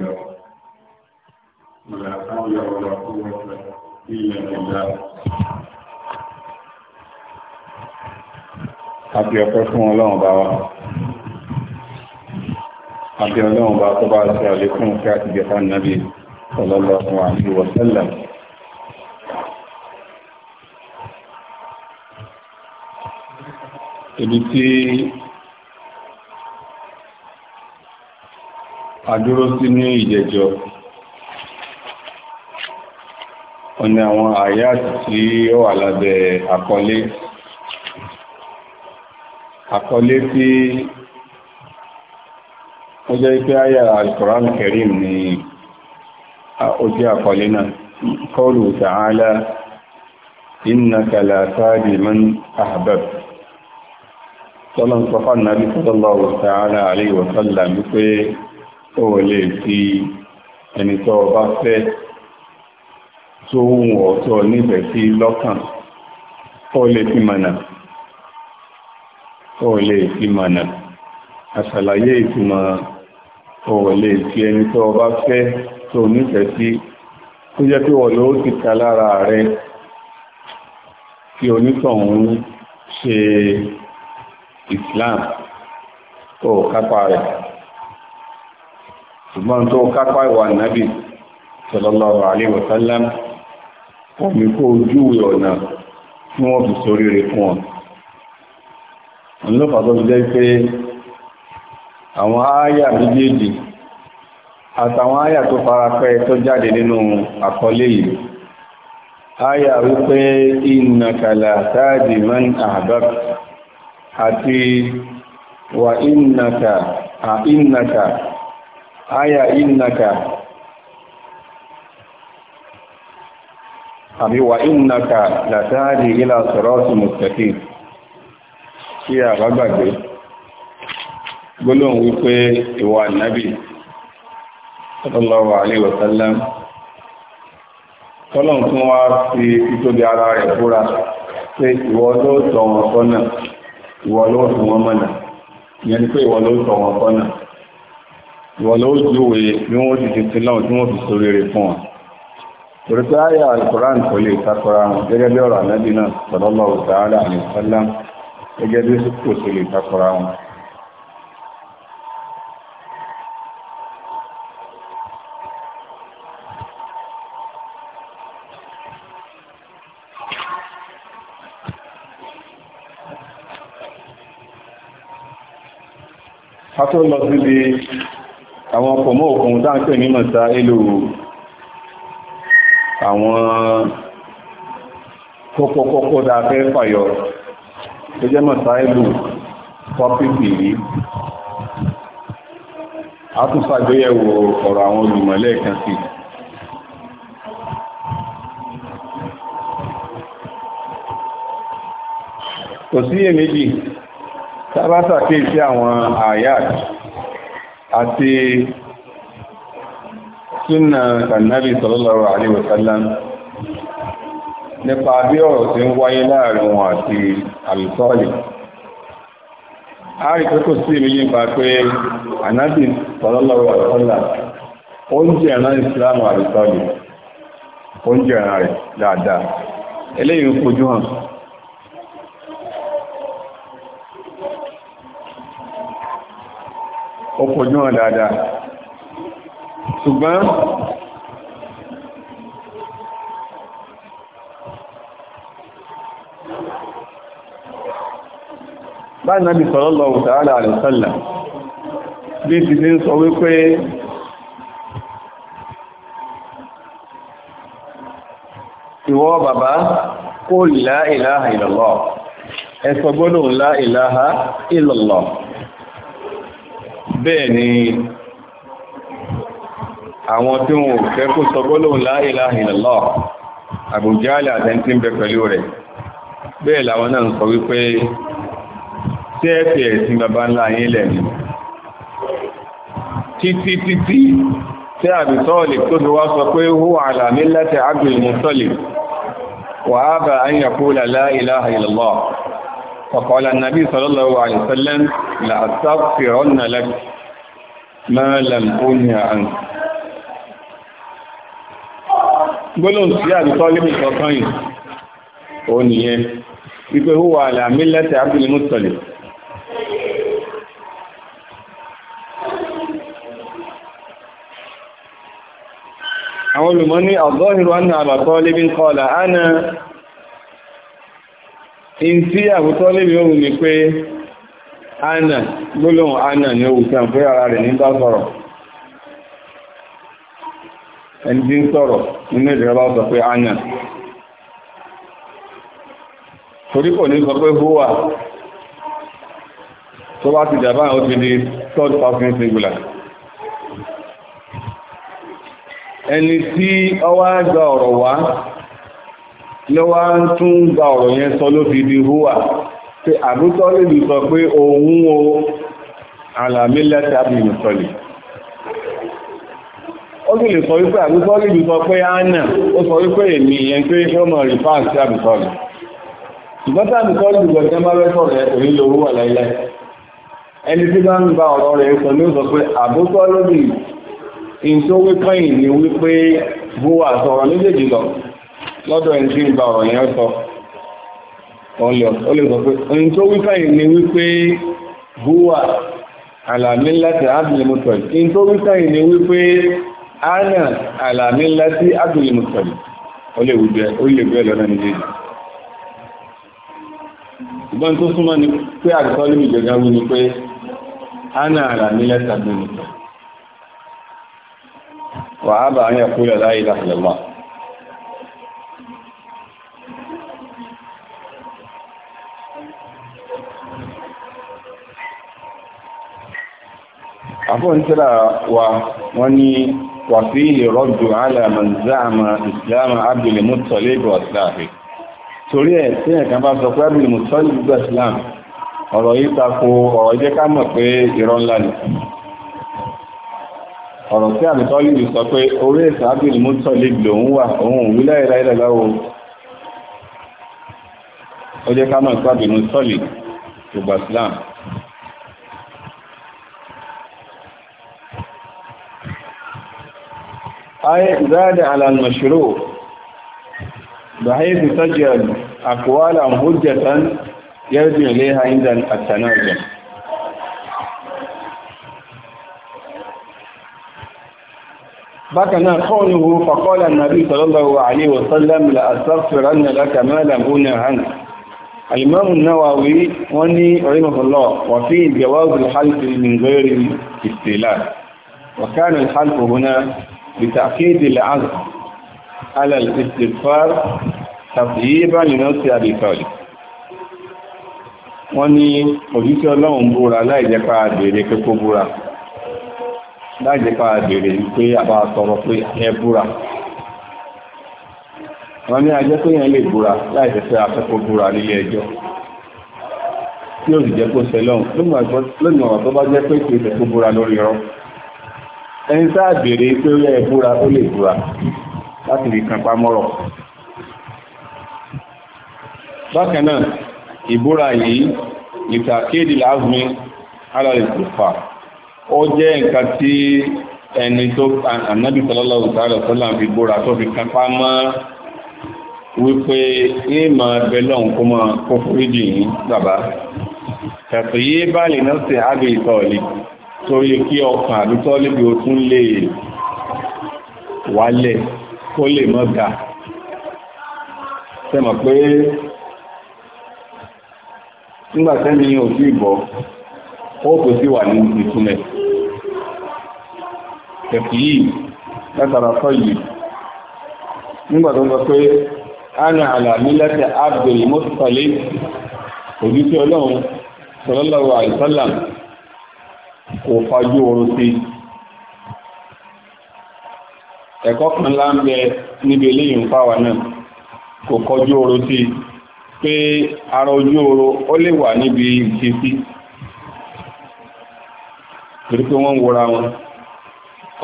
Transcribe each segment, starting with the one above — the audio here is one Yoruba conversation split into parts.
الله ولا حول ولا قوة إلا بالله Àti ọ̀pẹ́ fún ọlọ́run bá wá. Àti ọlọ́run bá tó bá ṣe àlékún kí a ti jẹ fún Nàbí sallallahu alaihi wa sallam. Ibi tí adúró sí ní ìjẹjọ ọ̀nà àwọn àyàtì tí ó wà lábẹ́ àkọlé àkọlé tí ó jẹ́ pé àyà al-Qur'an Karim ni ó jẹ́ àkọlé náà qawlu ta'ala innaka la tahdi man tọ́lọ́n sọ fún Ànábì sallallahu ta'ala alayhi wa tó o lè fi ẹni tó o bá fẹ́ tó wù ọ́ tó o nífẹ̀ẹ́ sí lọ́kàn tó o lè fi mọ̀nà tó o lè fi mọ̀nà àṣàlàyé ìtumọ̀ tó o lè fi ẹni tó o bá fẹ́ tó o nífẹ̀ẹ́ sí tó jẹ́ pé wọ́n ló ti ka lára rẹ kí onítọ̀hún ṣe Islam tó o kápá rẹ̀. ṣùgbọ́n tó kápá ìwà nàbì sallallahu alaihi wa kó ojú ọ̀nà tí wọ́n fi sórí rẹ̀ fún wọn ọlọ́pàá tó jẹ́ pé àwọn ááyà méjèèjì àtàwọn ááyà tó farapẹ́ tó jáde nínú àkọlé yìí ááyà wípé innaka la man àti wà a aya innaka àbí wà innaka látàrí ila sirati mustaqim kí àgbàgbàgbé gbólóhùn wípé ìwà sallallahu alaihi wasallam tọ́lọ̀n tún wá fi títóbi ara rẹ̀ fura pé ìwọ ló tọ̀ wọn ìwọ̀lọ́ òjúwe bí wọ́n ti tètè náà tí wọ́n fi sórí rẹ̀ fún wọn torí pé àyà alukoran kò lè takora wọn gẹ́gẹ́ bí ọ̀rọ̀ anábì náà sallallahu ta'ala alaihi gẹ́gẹ́ bí kò sì lè takora wọn Fatọ́ bí àwọn ọkọ̀ mọ́ òkun dáńpẹ̀ ní mọ̀ta ilò àwọn kókókókó dáa fẹ́ fàyọ tó jẹ́ mọ̀ta ilò tọ́pìkì yìí a tún ṣàgbéyẹ̀wò ọ̀rọ̀ àwọn olùmọ̀lẹ́ kan sí kò sí èméjì tábátà kéèsí àwọn àyàtì àti súnà tànàbí sallallahu alaihi wasallam nípa bí ọ̀rọ̀ tí ń wáyé láàrin wọn àti àlùsọ́ọ̀lì a rí pé kò sí ìmìyí nípa pé ànábì sallallahu alaihi wasallam oúnjẹ ẹ̀rán ìsìlámù ó fojú hàn dáadáa ṣùgbọ́n báyìí náà bí òtàrà àrẹ̀sọ́là bí ti ní sọ wípé bàbá kó la ilaha ẹ̀sọ̀gbọ́nà bẹ́ẹ̀ ni àwọn tí wọn fẹ́ kó sọ gbólóhùn la ilaha illallah Abu Jahl àtẹ́ntí ń bẹ pẹ̀lú rẹ̀ bẹ́ẹ̀ làwọn náà ń sọ wípé tí ẹ fi ẹ̀sìn bàbá ńlá yín lẹ́nu títí títí tí Abu Talib tó fi wá sọ pé huwa ala millati Abdul Muttalib la ilaha illallah فقال النبي صلى الله عليه وسلم لأستغفرن لك máa lẹ́m ó ní àrùn gbólóhùn sí àbíkọ́ lébì kọ̀ọ̀kan yìí ó nìyẹn wípé ó wà àlàmí lẹ́tẹ̀ abdulmuttalib àwọn olùmọ́ ní ọ̀gọ́hìrò ánà àbàkọ́ lébì kọ́ọ̀lá ánà in tí àbútọ́ lébì ohun ni pé ana gbólóhùn ana ni owó tí a fẹ́ ara rẹ̀ nígbà sọ̀rọ̀ ẹni tí ń sọ̀rọ̀ nínú ìdíra bá sọ pé ana torí ní sọ pé húwà tó bá ti dàbá ti di third person singular ẹni tí ọwá gba ọ̀rọ̀ wá lọ́wọ́ tún gba ọ̀rọ̀ yẹn sọ ló fi pé àbútọ́lì bí sọ pé òun o àlàmí lẹ́ta bí ìsọ̀lì ó sì lè sọ wípé àbútọ́lì bí sọ pé ánà ó sọ wípé èmi ìyẹn pé ṣọ́mọ̀ rìfáàsì àbútọ́lì ṣùgbọ́n tàbítọ́lì bí gbọ̀gẹ́ máa rẹ́ sọ̀rọ̀ ẹ̀kùnrin lórú wà láìláì ẹni tí bá ń bá ọ̀rọ̀ rẹ̀ sọ ní ó sọ pé àbútọ́lì bí in tó wípé ìní wípé bó wà sọ̀rọ̀ méjèèjì lọ lọ́dọ̀ ẹni tí ń bá ọ̀rọ̀ yẹn sọ ọlọ ó lè sọ pé ohun tó wí ni wípé búwà àlàmí láti abdulmutali ohun tó lọ́nà nílé ìgbọ́n tó súnmọ́ ni pé ni pé àlàmí láti yà kúrò àfọ́nṣẹ́lá wa wọ́n ní wà sí ìrọ́jù alàmàzáàmà ìsìláàmà abdulmutali gbọ̀síláàfi torí ẹ̀ tí ẹ̀kan bá sọ pé abdulmutali gbọ̀síláàm ọ̀rọ̀ yìí tako ọ̀rọ̀ jẹ́ ká mọ̀ pé irọ́ ńlá ni ọ̀rọ̀ أي زاد على المشروع بحيث تجعل أقوالهم حجة يرجع إليها عند التنازع بكنا قوله فقال النبي صلى الله عليه وسلم لأستغفرن لك ما لم أنه عنك الإمام النووي وني رحمه الله وفيه جواز الحلف من غير استيلاء وكان الحلف هنا بتأكيد العزم على الاستغفار تطييبا لنفس أبي طالب wọ́n ní òjíṣẹ́ ọlọ́run búra láìjẹ́pá àbèrè pé kó búra láìjẹ́pá àbèrè pé àbá sọ̀rọ̀ pé ẹ búra wọ́n ní ajẹ́ pé yẹn lè búra láìjẹ́pẹ́ afẹ́kó búra nílé ẹjọ́ tí ó sì jẹ́ kó sẹ́lọ́run lónìí ọ̀rọ̀ tó bá jẹ́ pé kí ó búra lórí ọ̀rọ̀ ẹni tá àgbèrè pé ó yẹ ìbúra ó lè búra láti lè kan pamọ́rọ̀ bákan ìbúra yìí ìtàkéèdì láàzùmí alàlẹ́sìfà ó jẹ́ nǹkan tí ẹni tó ànábì sallallahu ta'ala sallam fi búra tó fi kan pamọ́ wípé ìmọ̀ ẹbẹ̀ lọ́hùn yìí bá torí kí ọkàn àbí tọ́lébí o tún lè wálẹ̀ kó lè mọ́ ga sẹ́mọ̀ pé nígbàtẹ́ni ò sí ìbọ̀ ó kò sí wà ní ìtúnlẹ̀ kẹfì yìí látara sọ yìí nígbàtọ́ sọ pé ana àlàmí lẹ́tẹ̀ abdul mustali òjú sí ọlọ́run sallallahu alaihi kò fọjú oorun sí ẹ̀kọ́ kan láńbẹ níbi ilé ìfáwà náà kò kọjú oorun sí pé ara ojú oorun ó lè wà níbi ìṣesí torí pé wọ́n ń wora wọn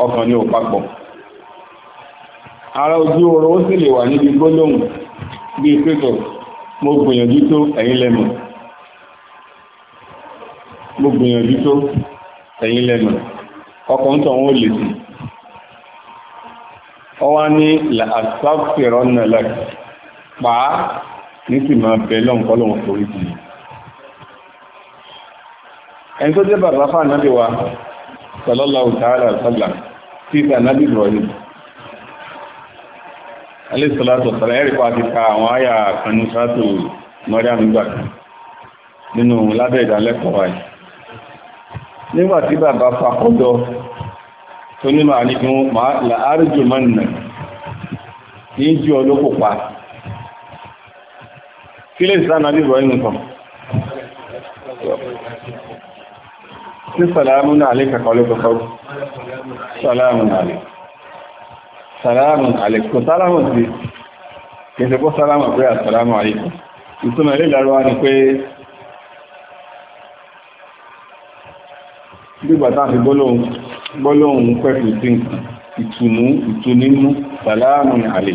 ọkàn ní òpapọ̀ ara ojú oorun ó sì lè wà níbi gbólóhùn pẹ́tọ̀ mo gbìyànjú tó lẹ́mọ̀ mo gbìyànjú ẹ̀yìn lẹ́nu ọkọ̀ ń tọ̀ wọ́n lè sí ọ wá ní àṣàfẹ́rọ̀ náà lẹ́ pàá ní sì máa bẹ lọ́nkọ́lọ́wọ́n forí jì ẹni tó jẹ́ bàbá fà náà wa sallallahu ta'ala sallam tí ìsà náà bí bọ̀ yìí alayhi salatu wa salam ẹ̀rí pa ti ka àwọn àyà kanú mọ́rí àmì gbà nínú lábẹ́ ìdálẹ́kọ̀ọ́ báyìí nígbàtí bàbá fàkọ́dọ̀ tó ní máa ní fún láàrùjù mọ́nà ní jí olókò pa kí lè sáà náà bíbọ̀ inú kan sí sàlámù náà lè kàkọ́ lè kọ́kọ́ sàlámù náà lè sàlámù àlè kò sàlámù sí kẹsẹ̀kọ́ sàlámù pé àsàlámù àlè ìtumọ̀ ìlàrọ̀ wá ni pé nígbà táàfi gbọ́lọ́hun pẹ̀lú sí ìtùnú ìtùnínú sàlámù àlè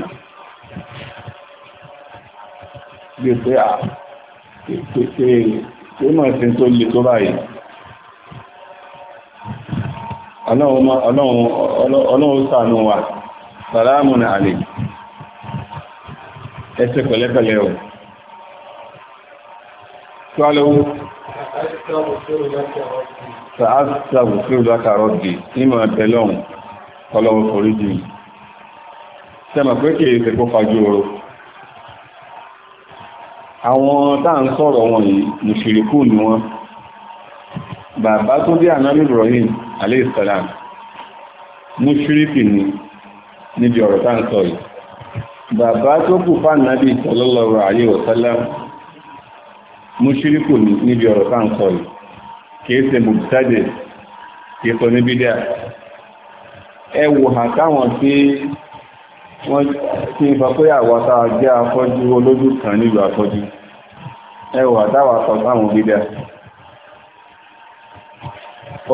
gbé pé à pèsè ìmọ̀ ìsìn tó lè tó báyìí ọlọ́run ṣàánú wa sàlámù àlè ẹsẹ̀ pẹ̀lẹ́pẹ̀lẹ́ ọ̀ Tí wá lọ́wọ́? Àìsíkà ọ̀pọ̀ tí ó rẹ̀ láti àwọn sàásàwò sí olùwátàrọ̀ dì tí mọ̀ tẹ́lọ́un ọlọ́wọ́ forí jì sẹ́mọ̀ pé kí èsè kó fajú oró àwọn táà ń sọ̀rọ̀ wọn yìí mùsùlùkù ni wọ́n bàbá tó bí ànábì Ibrahim aléìsàlám mùsùlùkù ni níbi ọ̀rọ̀ táà ń sọ yìí bàbá tó kù fáànàbì sallallahu alaihi wasallam mùsùlùkù ni níbi ọ̀rọ̀ táà ń sọ yìí kìí ṣe mùsùlùmí kìí sọ ní bídíà ẹ wò hàn táwọn tí wọ́n tí ń sọ pé àwọ̀ta jẹ́ afọ́jú olójú kan nílùú afọ́jú ẹ wò àtàwà sọ táwọn bídíà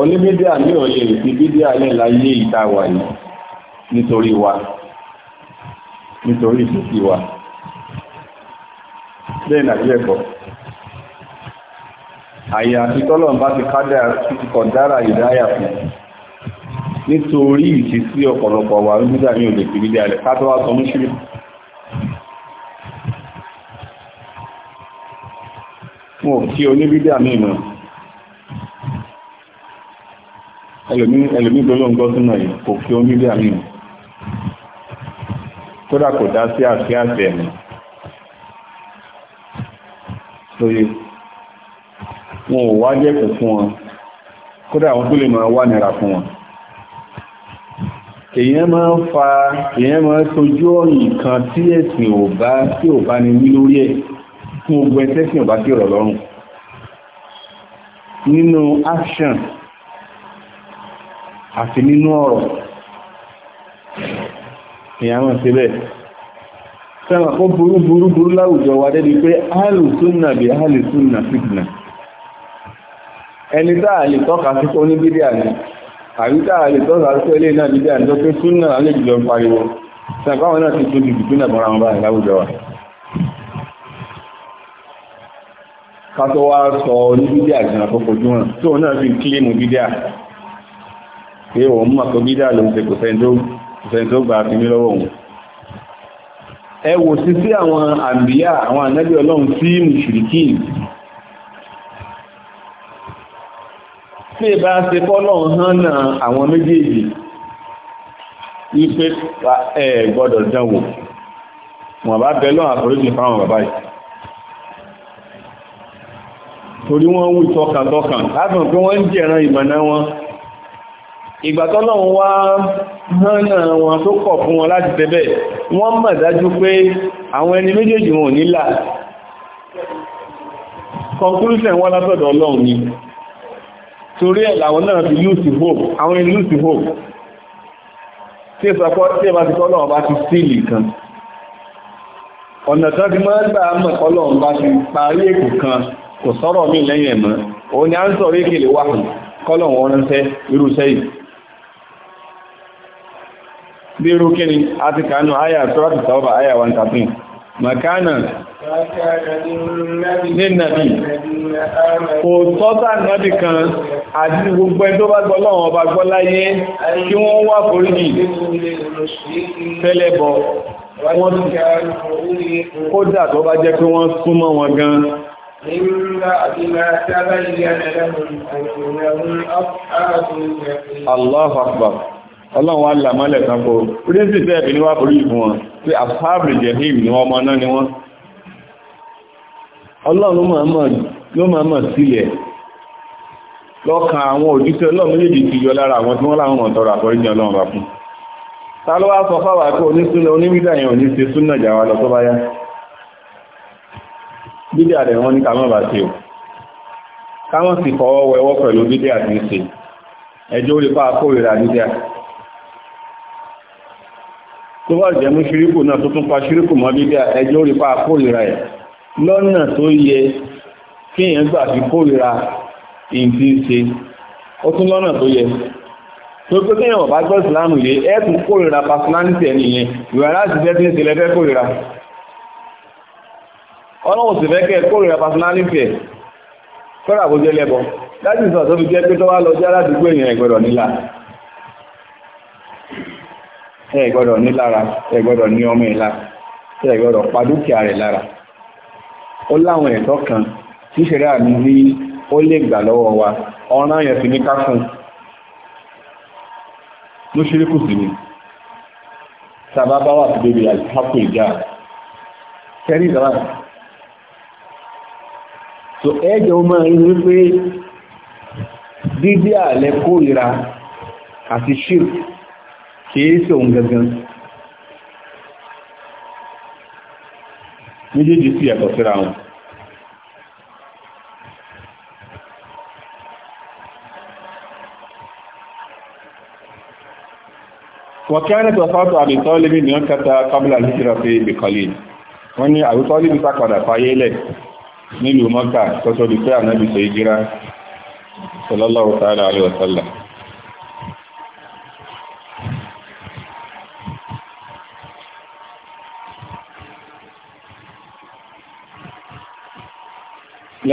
oníbídíà ní òye ìfi bídíà wa nítorí ìfòsí wa bẹ́ẹ̀ nàìjíríà àyà àti tọ́lọ̀n bá ti kádà títí kọ̀dára ìdáyà fún nítorí ìtì sí ọ̀pọ̀lọpọ̀ wà rúgbúdà ní òdè fi gídé alẹ̀ kátọ́ wá sọ mú ṣírí wọn kí oníbídà ní ìmọ̀ ẹlòmí gbọ́lọ́ngbọ́ sínú ẹ̀ kò kí oníbídà ní ìmọ̀ kódà kò dá sí àti àti ẹ̀mí wọn ò wá jẹ́kù fún wọn kódà àwọn tó lè máa wà nira fún wọn èyàn máa ń fa èyàn máa ń sojú ọ̀yìn kan tí ẹ̀sìn ò bá tí ò bá ní wí lórí ẹ̀ fún ogun ẹ̀sẹ̀sìn ò bá sí ọ̀rọ̀ lọ́rùn nínú action àti nínú ọ̀rọ̀ èyàn máa ṣe bẹ́ẹ̀ sẹ́wọ̀n kó burú burú burú láwùjọ wa débi pé áàlù súnnà bí áàlù súnnà fìtnà ẹni táà lè tọ́ka sí tó ní bídíà ni àbí táà lè tọ́ka sí ilé náà bídíà ni tó pé súnà lè jùlọ pariwo sàbáwọn náà ti tó jù jù náà bọ́ra wọn báyìí láwùjọ wa ká tó wá sọ ní bídíà jìnà tó kojú wọn tó náà fi sí sí àwọn àǹbíyà àwọn ànábì ọlọ́run tí mùsùlùkì tí ìbá ṣe fọ́nà hánà àwọn méjèèjì wípé ẹ gbọ́dọ̀ dánwò wọ́n bá bẹ lọ́n àforíjì fáwọn bàbá yìí torí wọ́n wù tọkàntọkàn látàn pé wọ́n ń jẹ̀ràn ìmọ̀nà wọn ìgbà tọ́lọ́run wá hánà wọn tó kọ̀ fún wọn láti tẹ́bẹ̀ wọ́n mọ̀ dájú pé àwọn ẹni méjèèjì wọn ò nílà conclusion wọn látọ̀dọ̀ ọlọ́run ni torí ẹ̀ làwọn náà ti lose hope àwọn ìlú sí hope tí ìsọpọ̀ tí ẹbá ti kọ́lọ̀ bá ti sílì kan ọ̀nà kan ti máa ń gbà mọ̀ kọ́lọ̀ bá ti parí èkù kan kò sọ́rọ̀ mí lẹ́yìn ẹ̀mọ́ òun ni a ń sọ̀rọ̀ ìkèlè wà kọ́lọ̀ wọn ránṣẹ́ irúṣẹ́ yìí bí irú kíni a ti kàánù àyà tó rákìtà ọba àyà 113 makana ní nàbí kò tọ́ta nàbí kan àti gbogbo ẹ̀ tó bá gbọ́ lọ́wọ́ ọba gbọ́ láyé kí wọ́n wá foríjì fẹ́lẹ́bọ̀ wọ́n ti kódà tó bá jẹ́ pé wọ́n súnmọ́ wọn gan ọlọ́run wá làmọ́lẹ̀ kan sí fẹ́ẹ̀bì ní wá forí ìfún wọn pé àfáàbì jẹ̀hìm ni wọ́n mọ́ náà ni wọ́n ọlọ́run ló máa mọ̀ sílẹ̀ lọ́kàn àwọn òjíṣẹ́ ọlọ́run méjèèjì ti yọ lára àwọn tí wọ́n láwọn mọ̀ tọrọ àforíjì ọlọ́run bá fún ta ló wá sọ fáwà pé onísúnà oníbídà yẹn ò ní ṣe súnà jà wá lọ tó bá yá bídà rẹ̀ wọ́n ní ká mọ́ bá ṣe o ká mọ́ sì fọwọ́ wẹwọ́ pẹ̀lú bídà àti ń ṣe ẹjọ́ orí pa kórìíra bídà tó bá jẹ́ mú ṣíríkù náà tó tún pa ṣíríkù mọ́ bídà ẹjọ́ orí pa kórìíra ẹ̀ lọ́nà tó yẹ kí èyàn gbà fi kórìíra ìdí ṣe ó tún lọ́nà tó yẹ tó pé kí èyàn bá gbọ́ ìsìlámù yé ẹ̀kùn kórìíra personality ẹni yẹn ìwà láti jẹ́ tí ń ṣẹlẹ̀ fẹ́ kórìíra ọlọ́run sì fẹ́ kẹ́ kọ́ra jẹ́ lẹ́bọ láti sọ tó fi jẹ́ pé tó wá lọ ó láwọn ẹ̀tọ́ kan tí ìṣẹ̀rẹ́ àmì rí ó lè gbà lọ́wọ́ wa ọ̀ràn yẹn sì ní ká fún ló ṣeré kù sí ni sábà bá wà síbi àìsàkó ìjà kẹrí ìdára so ẹjọ́ máa ń rí pé dídí àlẹ́ kórìíra àti ṣírk kìí sí òun gangan méjèèjì sí ẹ̀kọ́ síra wọn wọ̀kíánẹ̀tì ọ̀fáàtọ̀ àbìtọ́lébì ní ọ́nkẹta kábílà lítìrọ̀ pé ìbìkọ̀lì wọ́n ní àbìtọ́lébì sápadà fayélẹ̀ nílùú mọ́kà tọ́tọ́ bí pé ànábìsọ̀ ìjírá sallallahu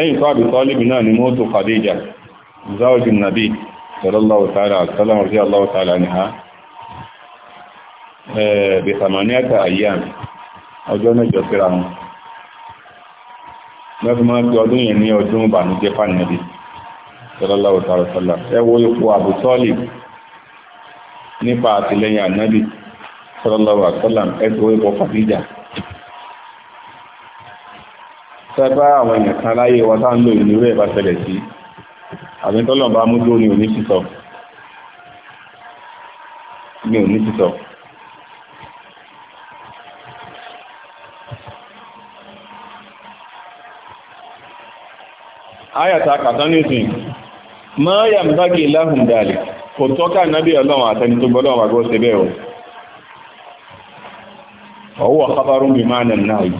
lẹ́yìn tó àbí tọ́lìbì náà ni mọ́tò Khadija zaujin nabi sallallahu ta'ala sallam rẹ̀ allahu ta'ala ni ha bí samaniata ayyam ọjọ́ mẹ́jọ síra wọn lọ́fí máa fi ọdún yẹn ní ọdún ìbànújẹ́ fánàbí sallallahu ta'ala sallam ẹ wo ipò Abu Talib nípa àtìlẹ́yìn ànábì sallallahu ta'ala ẹ sẹ́pá àwọn èèyàn kan láyé wọn tá ń lò ìlú rẹ̀ bá ṣẹlẹ̀ sí àmì tọ́lọ̀ bá mú dúró ní òní ní òní ayàtà kàtánìsìn mọ́ yàmdágì láhùn dàlì kò tọ́ka nábì ọlọ́run àtẹni tó gbọ́lọ́ wà bẹ́ẹ̀ o ọwọ́ kábárùn-ún bí máa nà náà yìí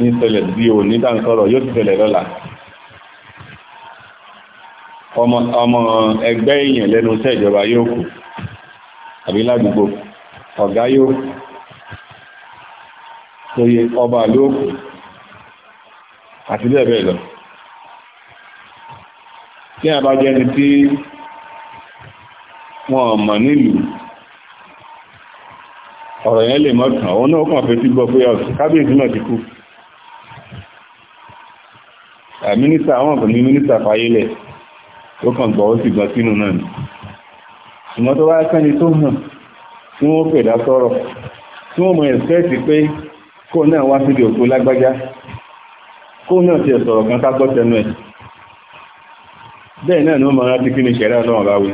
ní ṣẹlẹ̀ bí o ní dáńsọ́rọ̀ yóò ti ṣẹlẹ̀ lọ́la ọmọ ẹgbẹ́ èèyàn lẹ́nu iṣẹ́ ìjọba yóò kù àbí ládùúgbò ọ̀gá yóò tóye ọba ló kù àti bẹ́ẹ̀ bẹ́ẹ̀ lọ tí a bá jẹ́ni tí wọn mọ̀ nílùú ọ̀rọ̀ yẹn lè mọ́kàn òun náà kàn fẹ́ sí gbọ́ pé ọ̀sán kábíyèsí náà ti kú mínísítà àwọn kan ní mínísítà fayélẹ̀ ó kàn gbọ́ ó sì gbọ́ sínú náà ni ṣùgbọ́n tó bá sẹ́ni tó hàn tí wọ́n fẹ̀dá sọ̀rọ̀ tí wọ́n mọ̀ ẹ̀sẹ́ẹ̀sì pé kó náà wá síbi òkú lágbájá kó náà ti ẹ̀sọ̀rọ̀ kan tágbọ́ tẹnu ẹ̀ bẹ́ẹ̀ náà ni ó máa rántí kí ni ṣẹ̀rẹ́ ọlọ́run bá wí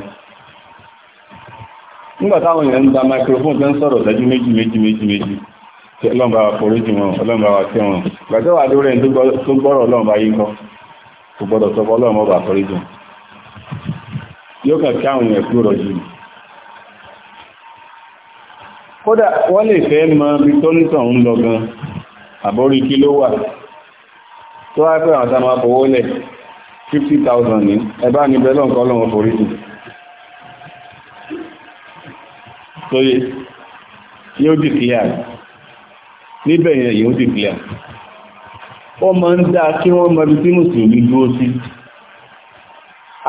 nígbà táwọn èèyàn ń da microphone tẹ́ ń sọ̀rọ̀ ìdájú méjì méjì méjì méjì tí ọlọ́mbà wa foríjì wọn ọlọ́mbà wa tí wọn gbàtẹ́ wà lórí ẹni tó gbọ́rọ̀ ọlọ́mbà yìí kọ́ kò gbọ́dọ̀ sọpọ̀ ọlọ́mbà bà foríjì wọn yóò kàn kí àwọn èèyàn kúrò jù kódà wọ́n lè fẹ́ mọ bí tó ní tàn ń lọ gan àbórí kí ló wà tó wá pé àwọn tá máa fowó lẹ̀ 50,000 ní ẹbá ní bẹ́lọ̀ nǹkan ọlọ́run foríjì tó yẹ yóò dì níbẹ̀ yẹn yóò ti clear wọ́n máa ń dáa kí wọ́n mọ̀ bí tí mùsùlùmí dúró sí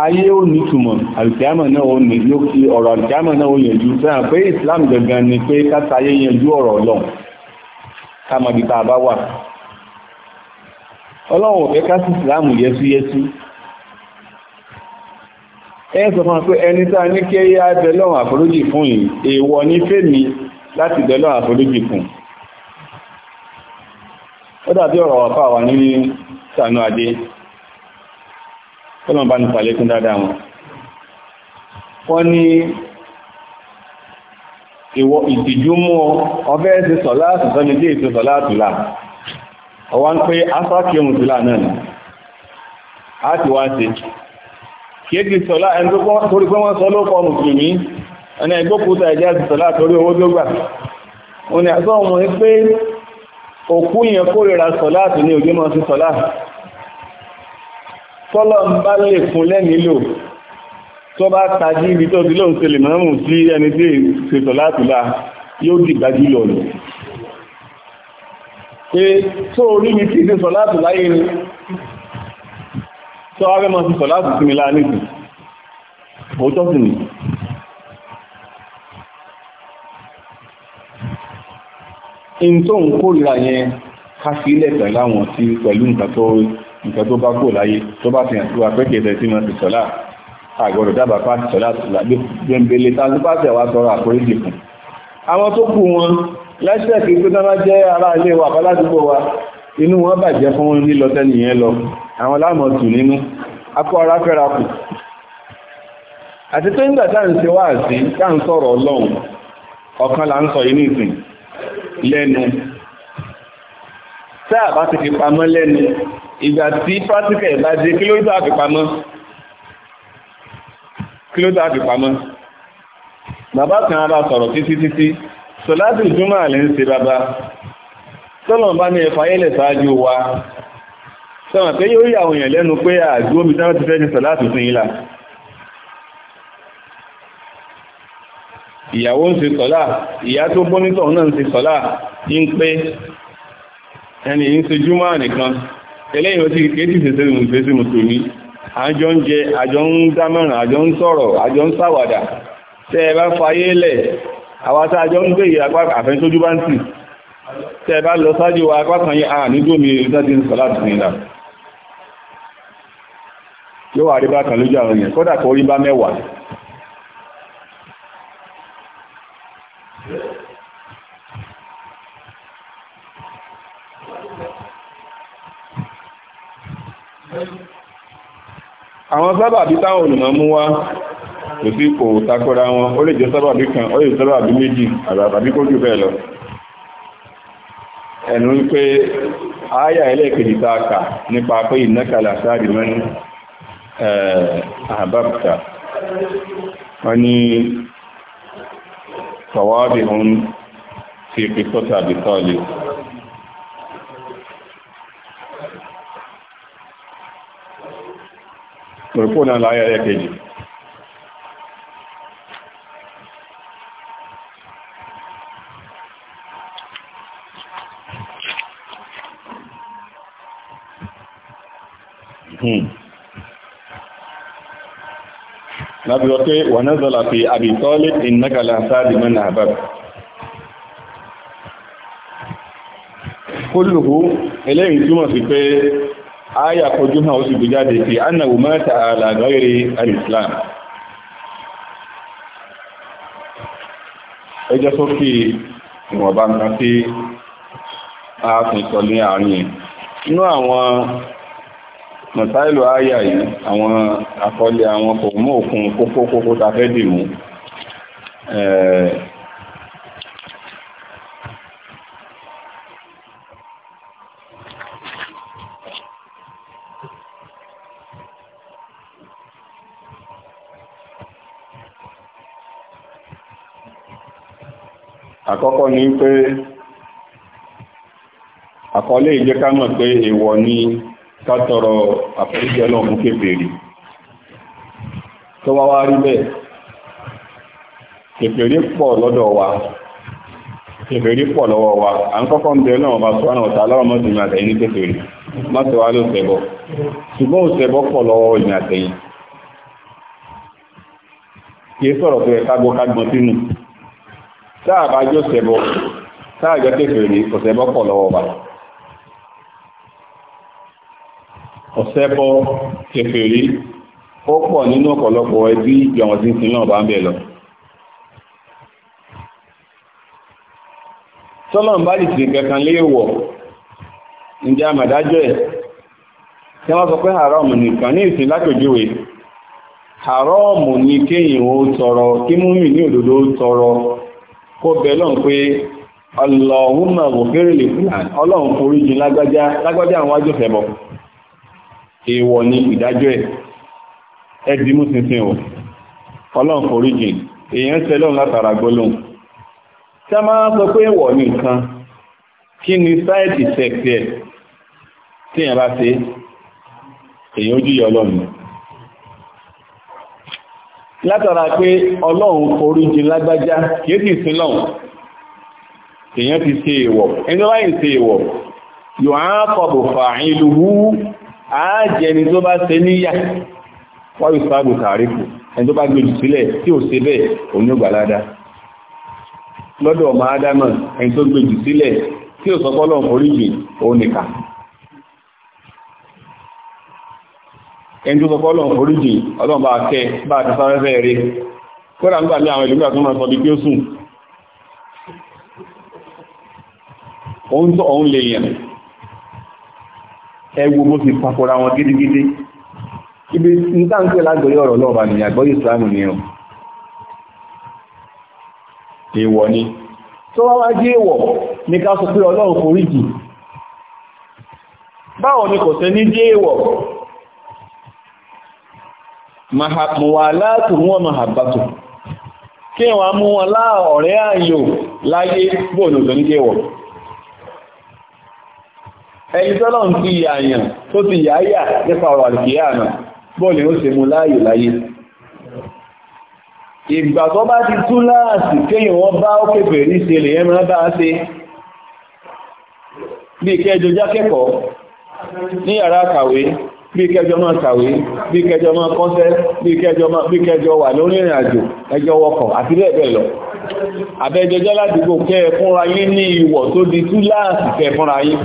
ayé ò ní túmọ̀ àlùkìámọ̀ náà ò ní ló kí ọ̀rọ̀ àlùkìámọ̀ náà ò yẹjú sẹ́yàn pé Islam gangan ni pé kátayé yẹjú ọ̀rọ̀ Ọlọ́run ká mọ̀ bí tá a bá wà Ọlọ́run ò fẹ́ ká sí Islam yẹsúyẹsú ẹ sọ fún pé ẹni tá a ní kí ẹ yá bẹ lọ́run àforíjì fún yìí èèwọ̀ ní fèmí láti bẹ lọ́run àforíjì fún yìí ó dàbí ọ̀rọ̀ ọ̀fà wà ní sànú adé tọ́lọ̀ bá ní pàlékún dáadáa wọn wọ́n ní ìwọ ìtìjú mú ọbẹ̀ ẹ̀sìn sọ̀láàtù sọ́ni dé ètò sọ̀láàtù là ọwá ń pé asáàkì ohun sílà náà ni a ti wá sí kéèkì sọ̀lá ẹni torí pé òkú yẹn kórìíra sọ̀láàtì ní ojúmọ́ sí sọ̀láàtì tọ́lọ̀ ń bá lè fún lẹ́nìlò tó bá tají ibi tó ti lóun ṣẹlẹ̀ mọ́mù sí ẹni tí ṣe sọ̀láàtì lá yóò dìgbàjú lọ lọ pé tó orí mi tí ṣe sọ̀láàtì láyé ni tó wá sí sọ̀láàtì sí mi láà in tó ń kórìíra yẹn ká fi ilẹ̀ pẹ̀lú àwọn tí pẹ̀lú nǹkan tó nǹkan tó bá kò láyé tó bá fi hàn sí wa pẹ́kẹ̀ẹ́sẹ̀ tí wọ́n ti sọ́lá àgbọ̀dọ̀ dábàá pàtì sọ́lá gbẹ̀mbẹ̀lẹ̀ tàbí pàtì àwa tọrọ àforíjì fún àwọn tó kù wọn lẹ́sẹ̀ kí pé náà jẹ́ ará ilé wa báládùúgbò wa inú wọn bàjẹ́ fún wọn lílọ tẹ́lì yẹn lọ àwọn láàmọ̀ tù nínú akọ ara fẹ́ra kù àti tó ń gbà táà ń ṣe wáàsí táà ń sọ̀rọ̀ ọlọ́run ọ̀kan là ń sọ yìí nìsín lẹ́nu tí a bá ti fi pamọ́ lẹ́nu ìgbà tí pátíkẹ̀ bá dé kí ló dá fi pamọ́ kí ló dá fi pamọ́ bàbá kan ara sọ̀rọ̀ títí títí sọ̀látì ìjúmọ̀ àlẹ́ ń ṣe bàbá tọ́lọ̀ bá ní ẹfà ayẹ́lẹ̀ sáájú wa sọ̀rọ̀ pé yóò yà àwọn èèyàn lẹ́nu pé àgbómi táwọn ti fẹ́ ní sọ̀látì fún ìlà ìyàwó ń ṣe sọ́lá ìyá tó bọ́ nítọ̀ náà ń ṣe sọ́lá ń pé ẹni ń ṣe júmọ́ nìkan eléyìn tí kéjì tẹ̀sẹ̀ ìmùsẹ̀sẹ̀ mùsùlùmí àjọ ń jẹ àjọ ń dámọ̀ràn àjọ ń sọ̀rọ̀ àjọ ń ṣàwàdà tẹ́ wa apá kan yí à nígbòmí ìrìnsájú ń sọ́lá tìǹda yóò wà rí bá kan lójú àwọn àwọn sábàbí táwọn olùmọ̀ mú wá kò sí kò takọ́ra wọn ó lè jẹ́ sábàbí kan ó lè jẹ́ sábàbí méjì àbàbí kó jù bẹ́ẹ̀ lọ ẹnu pé àyà ẹlẹ́ẹ̀kejì tá a kà nípa pé ìnákàlà sáàdì mẹ́nu àbábùtà wọ́n ní sọ̀wọ́bì hun tòrípò náà láyé ẹ̀kejì hmm. lábí wọ́n pé wọ́n náà zọ́lá fi àbìtọ́lé ìnákàlá sáàdì mẹ́nà àbábì kúlùkú eléyìí túmọ̀ sí pé aya kojú hàn ó sì gbé jáde fi annahu mata ala ghairi al-islam ẹjọ́ sókè ìwọ̀nba nǹkan tí a kùn sọ ní àárín inú àwọn mọ̀sáìlò àyà yìí àwọn àkọlé àwọn àkọ́kọ́ ni pé àkọlé ìjẹ́ ká mọ̀ pé èèwọ̀ ni ká tọrọ àforíjì Ọlọ́run fún kèfèrí tó wá wá rí bẹ́ẹ̀ kèfèrí pọ̀ lọ́dọ̀ wa kèfèrí pọ̀ lọ́wọ́ wa à ń kọ́kọ́ ń bẹ náà bá sọ àwọn ọ̀tá aláwọ̀ mọ́sí ìrìn àtẹ̀yìn ní kèfèrí má ti wá ló ṣẹbọ ṣùgbọ́n òṣẹbọ pọ̀ lọ́wọ́ ìrìn àtẹ̀yìn kì í sọ̀rọ̀ pé kágbọ́ kágbọ́n sínú táàbá jó sẹbọ táàjọ kékeré ní ọ̀sẹ̀bọ pọ̀ lọ́wọ́ wa kékeré ó pọ̀ nínú ọ̀pọ̀lọpọ̀ ẹbí ìjọwọ̀n tí náà bá ń lọ sọ́lọ̀ bá lè kankan léèwọ̀ ǹjẹ́ àmàdájọ́ ẹ̀ tí wọ́n sọ pé haramu nìkan ní ìsìn lápèjúwe haramu ni kéèyàn tọrọ kí múmi ní tọrọ kó bẹ̀ lọ́n pé Allahumma òfèrè lè fúlàn ọlọ́run forí jìn lágbájá lágbájá àwọn ajófẹ́ bọ̀ èèwọ̀ ni ìdájọ́ ẹ̀ ẹ̀dì mú sinsin ò ọlọ́run forí jìn èèyàn tẹ́lọ́run látara gbólóhùn tí a máa sọ pé èèwọ̀ ní nǹkan kí ni sáìtì sẹ́ẹ̀kì ẹ̀ tí èèyàn bá ṣe èèyàn ó jìyà ọlọ́run látara pé ọlọ́run foríjì lágbájá kìí sì sí lọ́run èyàn ti ṣe èèwọ̀ ẹni wáyé ṣe èèwọ̀ yóò á kọ̀bù fàáyín lúwú ààjẹni tó bá ṣe níyà wáyé sáàbù tààrífù ẹni tó bá gbèjì sílẹ̀ tí ò ṣe bẹ́ẹ̀ onígbàládá lọ́dọ̀ ọmọ ádámọ̀ ẹni tó gbèjì sílẹ̀ tí ò sọpọ́lọ̀ foríjì òun nìkan ẹni tó sọpọ̀ ọlọ́run foríjì ọlọ́run bá kẹ́ bá ti sáfẹ́fẹ́ rẹ̀ kọ́rà ń gbà ní àwọn ìlúgbà tó máa sọ bí kí ó sùn òun tó òun lè yẹn ẹgbò bó ti papọ̀ra wọn gidigidi ibi ní táǹkì lágbóyé ọ̀rọ̀ lọ́ọ̀bà ní àgbóyé ìsìlámù ni ọ èèwọ̀ ni tó wá wájí èèwọ̀ ní ká sọ pé ọlọ́run foríjì báwo ni kò sẹ́ ní jẹ́ èèwọ̀ mọ̀wàlátù wọn mọ̀hàbátù kí wọ́n mú wọn láà ọ̀rẹ́ àyò láyé bóòlùdó ní kéwọ̀ ẹni tọ́lọ̀ ń fi àyàn tó ti yáyà nípa ọ̀rọ̀ àdìkìyà náà bóòlù ó sì mú láàyò láyé ìgbà tó bá ti tú láàsì kéyìn wọ́n bá ó kéfè ní ṣe lè ẹmọ bá ṣe bí kẹjọ jákẹ́kọ̀ọ́ bí kẹjọ máa kàwé bí kẹjọ máa kọ́ṣẹ́ bí kẹjọ wà lórí ìrìn àjò ẹjọ́ wọkọ̀ àti bẹ́ẹ̀ bẹ́ẹ̀ lọ àbẹ́jọjọ́ ládùúgbò kẹ́ fúnra yín ní ìwọ̀ tó di tú láàsì kẹ́ fúnra yín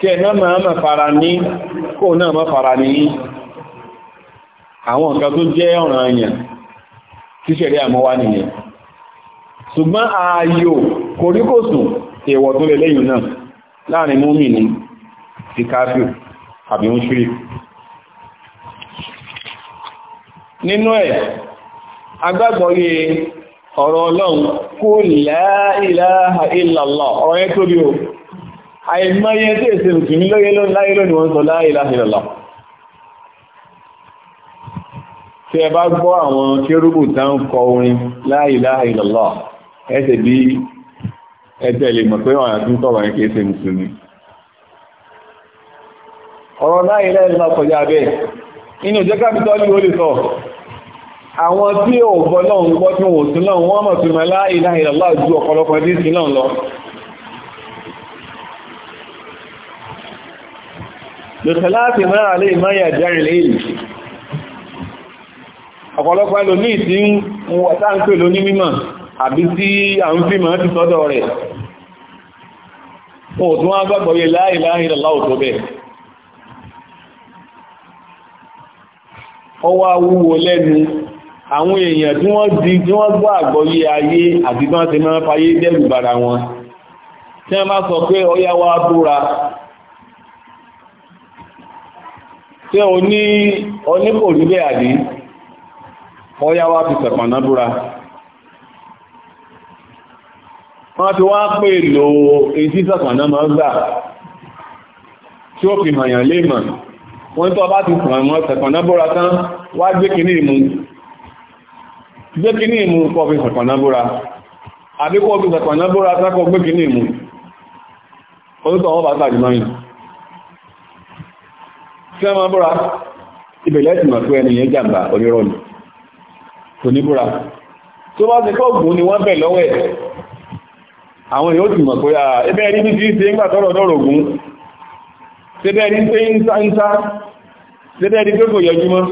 kẹ́ náà máa máa fara ní kó náà máa fara ní àwọn nǹkan tó jẹ́ ọ̀ràn èèyàn tí ṣẹ̀rí àmọ́wá nìyẹn ṣùgbọ́n ààyò kòríkòsùn èèwọ̀ tó lè lẹ́yìn náà láàrin múmi ni sí káfíù àbí ń ṣírí nínú ẹ̀ agbágbọ́yé ọ̀rọ̀ ọlọ́run kó la ilaha illallah ọ̀rọ̀ yẹn tóbi o àìmọ́yẹ tí èsì mùsùlùmí lóyé láyé lónìí wọ́n sọ la ilaha illallah tí ẹ bá gbọ́ àwọn kérúbù tá ń kọ orin la ọ̀rọ̀ láì láì máa kọjá bẹ́ẹ̀ inú jẹ́ kápítọ́lì ó lè sọ àwọn tí ò gbọ́ náà ń gbọ́ tí wọ́n tún náà wọ́n mọ̀ sí mọ́ láì láì láì ju ọ̀pọ̀lọpọ̀ ẹbí sí náà lọ lòtàláàtì máa lè máa yà jẹ́rìn lẹ́yìn ọ̀pọ̀lọpọ̀ ẹlòmí tí ń wọ́ta ti òtún wọ́n gbàgbọ́ yẹ láìláìlá òtò bẹ́ẹ̀ ọwọ́ awúwo lẹ́nu àwọn èèyàn tí wọ́n di tí wọ́n gbọ́ àgbọ́yé ayé àti tí wọ́n ti máa fayé dẹ́rù bàrà wọn tí wọ́n bá sọ pé ọyá wa búra tí o ní oníkò níbẹ̀ àdí ọyá wa fi sẹ̀pọ̀nà búra wọ́n ti wá pè lò èyí tí sẹ̀pọ̀nà máa gbà tí ó fi hàn lè mọ̀ wọ́n tó bá ti kàn mọ́ sẹ̀kànná bóra tán wá gbé kìíní ìmú gbé kìíní ìmú kọ́ fi sẹ̀kànná bóra àbí kọ́ fi sẹ̀kànná bóra tán kọ́ gbé kìíní ìmú orúkọ wọ́n bá tàbí mọ́rin tí wọ́n bóra ibẹ̀lẹ̀ ti mọ̀ pé ẹni yẹn jàmbá onírọ̀ ni kò ní bá ti kọ́ ògùn síbẹ̀rí pé ń sáńsá síbẹ̀rí pé kò yọjú mọ́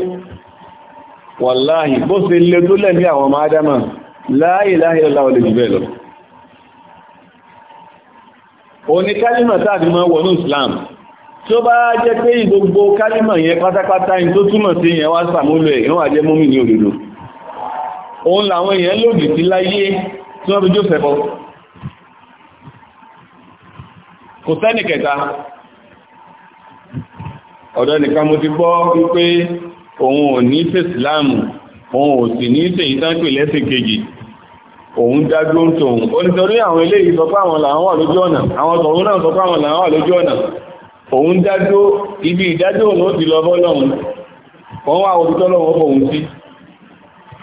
wàláhì bó ṣe lè tó lẹ́mí àwọn ọmọ adama la ilaha illa Allah jù bẹ́ẹ̀ lọ òní kálímà tàbí mọ́ wọnú Islam tí ó bá jẹ́ pé gbogbo kálímà yẹn pátápátá in tó túmọ̀ sí yẹn wá sàmúlò ẹ̀ ìwọ̀n àjẹ́ múmi ní òdòdó òun làwọn èèyàn lòdì sí láyé tí wọ́n fi jó fẹ́bọ́ kò sẹ́nì kẹta ọ̀dọ́ nìkan mo ti gbọ́ wípé òun ò ní tẹ̀síláàmù òun ò sì ní tèyí sáńpè lẹ́sìn kejì òun dájú ń tòun ó nítorí àwọn eléyìí sọ pé àwọn làwọn wà lójú ọ̀nà àwọn tọ̀hún náà sọ pé àwọn làwọn wà lójú ọ̀nà òun dájú ibi ìdájú òun ó ti lọ bọ́lọ́run wọ́n wá òtítọ́ lọ́wọ́ fòun sí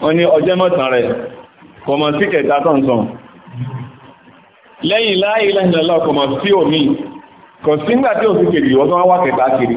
wọ́n ní ọjẹ́ mọ́tàn rẹ̀ lẹ́yìn láìláìlọ́kọmọ sí omi kọ̀ sígbà tí ò sí kejì wọ́n tó wá kẹta kiri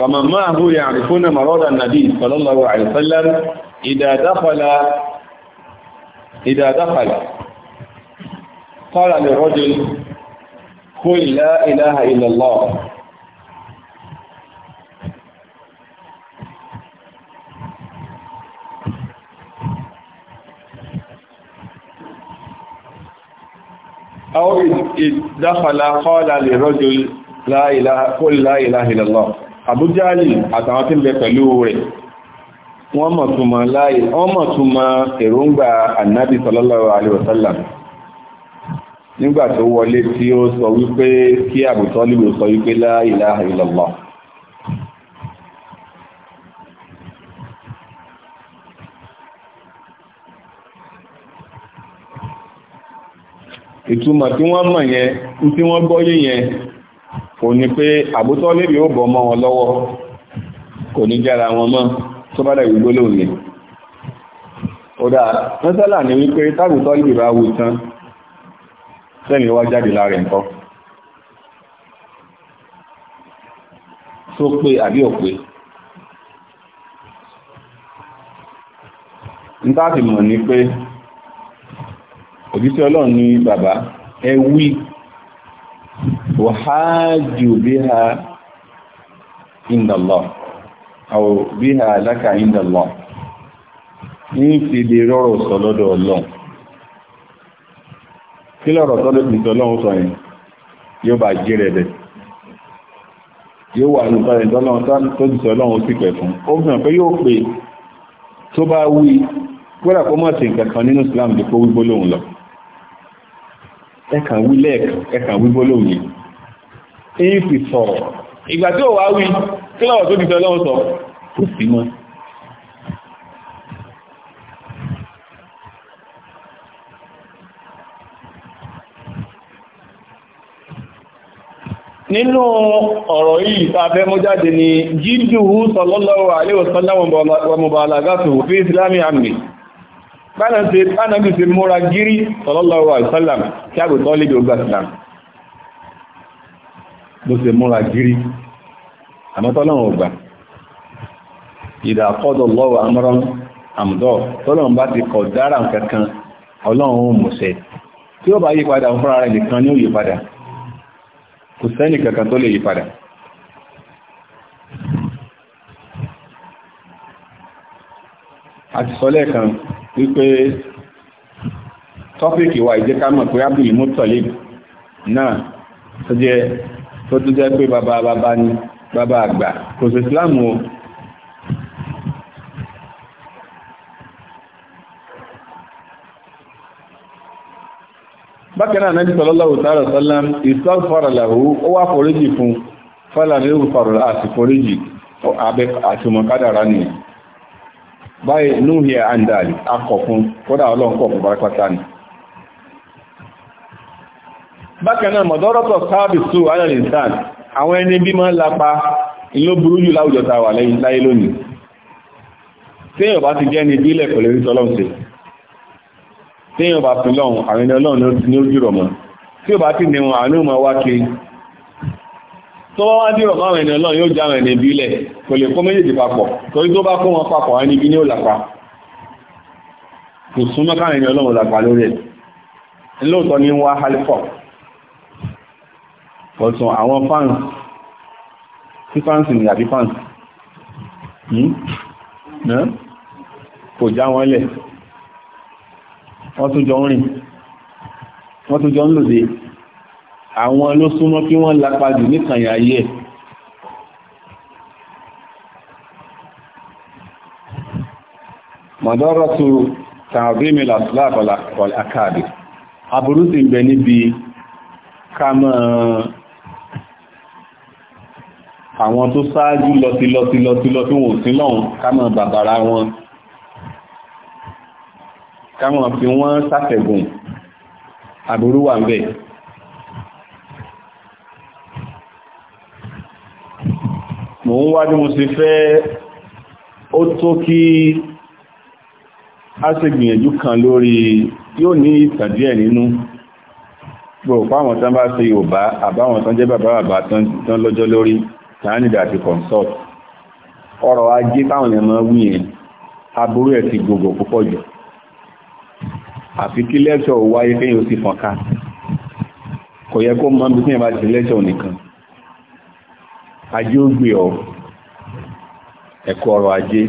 فمن معه يعرفون مرض النبي صلى الله عليه وسلم إذا دخل إذا دخل قال للرجل قل لا إله إلا الله أو إذ دخل قال للرجل لا إله قل لا إله إلا الله àbújáàlì àtàwọn tí ń bẹ pẹ̀lú rẹ̀ wọ́n mọ̀ túnmọ̀ láàyè wọ́n mọ̀ túnmọ̀ èròǹgbà ànábì sallallahu alaihi wasallam nígbà tó wọlé tí ó sọ wípé kí Abu Talib sọ wípé la ilaha illallah ìtumọ̀ tí wọ́n mọ̀ yẹn tí ó ní pé àbútọ́ lébi ó bọ̀ mọ́ wọn lọ́wọ́ kò ní jára wọn mọ́ tó bá dàgbé gbólóhùn ni ó dá mẹ́sàlá ni wípé tábùtọ́ lébi bá wù tán sẹ́ni wá jáde lára ẹ̀kọ́ tó pé àbí òpé ní táàfì mọ̀ ní pé òjíṣẹ́ ọlọ́run ní bàbá ẹ wí wàhájú biha indallah aw biha laka indallah ní fi lè rọrọ̀ sọ lọ́dọ̀ ọlọ́run kí lọ́rọ̀ tọ́lọ́ ìtọ́lọ́run sọ yẹn yóò bá jí rẹ̀ bẹ̀ yóò wà nípa ìtọ́lọ́run tó ti sọ lọ́run sí pẹ̀ fún ó fihàn pé yóò pé ẹ̀kà wí lẹ́ẹ̀kan ẹ̀kà wí gbólóhùn yìí èyí fi sọ̀rọ̀ ìgbà tí ó wá wí kílọ̀wọ̀ tó dìtọ̀ lọ́wọ́ sọ kò sí mọ́ nínú ọ̀rọ̀ yìí tàbẹ́ mú jáde ni jíjú sallallahu alaihi wasallam wa mubalagatuhu fi islami àmì bana se bana bi se mura giri sallallahu alaihi wasallam ti abu talib o gbasla bo se mura giri ama tolo o gba ida qada allah amran amdo tolo ba ti ko dara nkankan olohun o mo se ti o ba yi pada fun ara nikan kan ni o yi pada ko sani kankan to le yi pada a ti sọ lẹ́ẹ̀kan wípé tọ́pìkì wa ìjẹ́ká mọ̀ pé Abdul Muttalib náà tó jẹ́ tó tó jẹ́ pé bàbá bàbá ni bàbá àgbà kò sí Islam o bákan náà Nabi sallallahu ta'ala sallam istaghfara lahu ó wá foríjì fún fọ́lá ní ìrùfàrọ̀ àti foríjì àbẹ́ báyìí núhì àndàlì akọ̀fún kódà ọlọ́nkọ̀ fún barakata ni bákanáà mọ̀dọ́rọ̀tọ̀ sáàbìsù alẹ́lìsàn àwọn ẹni bí máa lápa ìlò burú jù láwùjọ ta wà lẹ́yìn láyé lónìí téèyàn bá ti jẹ́ ní ìbílẹ̀ pẹ̀lú orí tọ́lọ́ǹsẹ̀ téèyàn bá fi lọ́hùn àwọn ẹni ọlọ́run tí ó bá ti ní wọn tó wá wá dìrọ̀ máwọn ẹni ọlọ́run yóò já àwọn ẹni ìbílẹ̀ kò lè kó méjèèjì papọ̀ torí tó bá kó wọn papọ̀ wá níbi ní ó làpá kò súnmọ́ káwọn ẹni ọlọ́run làpá lórí ẹ̀ lóòótọ́ ní wá halifax ọ̀tún àwọn fans sí fans ní àbí fans hmm? kò já wọn lẹ̀ wọ́n tún jọ ń rìn wọ́n tún jọ ń lòdì àwọn ló súnmọ́ kí wọ́n lápadì níkànnì ayé ẹ̀ mọ̀dọ́rọ̀ tó tààbímì làtúláàbọ̀lá àkáàdì aburú sì ń bẹ níbi ká mọ́ àwọn tó sáájú lọtílọtílọtílọ tí wọ́n sí lọ́hun ká mọ́ bàbára wọn ká mọ́ fi wọ́n sáfẹ̀gùn aburú wà ń bẹ mò ń wá bí mo ṣe fẹ́ ó tó kí a ṣe gbìyànjú kan lórí yóò ní ìtàn díẹ̀ nínú gbogbo àwọn tán bá ṣe Yorùbá àbáwọn tán jẹ́ bàbá bàbá tán lọ́jọ́ lórí tánìdà àti consult ọrọ̀ ajé táwọn èèyàn máa wí aburú ẹ̀ ti gbogbo púpọ̀ jù àfi kí lẹ́ṣọ̀ wáyé kéyàn ó sì fọ́nká kò yẹ kó mọ́ bí kí bá ti lẹ́ṣọ̀ nìkan ajé ó gbé ọ ẹ̀kọ́ ọrọ̀ ajé